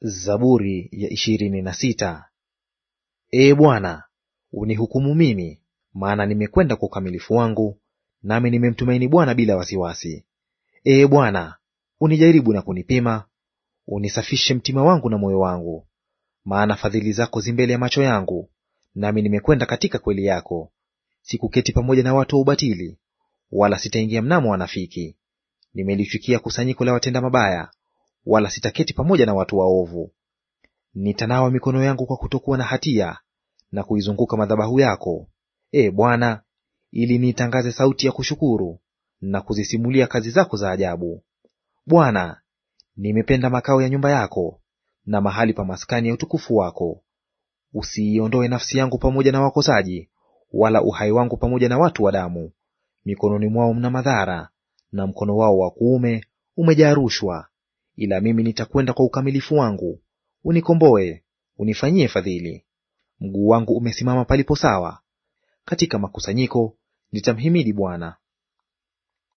Zaburi ya ishirini na sita. Ee Bwana, unihukumu mimi, maana nimekwenda kwa ukamilifu wangu, nami nimemtumaini Bwana bila wasiwasi. Ee Bwana, unijaribu na kunipima, unisafishe mtima wangu na moyo wangu. Maana fadhili zako zi mbele ya macho yangu, nami nimekwenda katika kweli yako. Sikuketi pamoja na watu wa ubatili, wala sitaingia mnamo wanafiki. Nimelichukia kusanyiko la watenda mabaya, wala sitaketi pamoja na watu waovu. Nitanawa mikono yangu kwa kutokuwa na hatia na kuizunguka madhabahu yako, e Bwana, ili niitangaze sauti ya kushukuru na kuzisimulia kazi zako za ajabu. Bwana, nimependa makao ya nyumba yako na mahali pa maskani ya utukufu wako. Usiiondoe nafsi yangu pamoja na wakosaji, wala uhai wangu pamoja na watu wa damu. Mikononi mwao mna madhara, na mkono wao wa kuume umejaa rushwa ila mimi nitakwenda kwa ukamilifu wangu, unikomboe, unifanyie fadhili. Mguu wangu umesimama palipo sawa, katika makusanyiko nitamhimidi Bwana.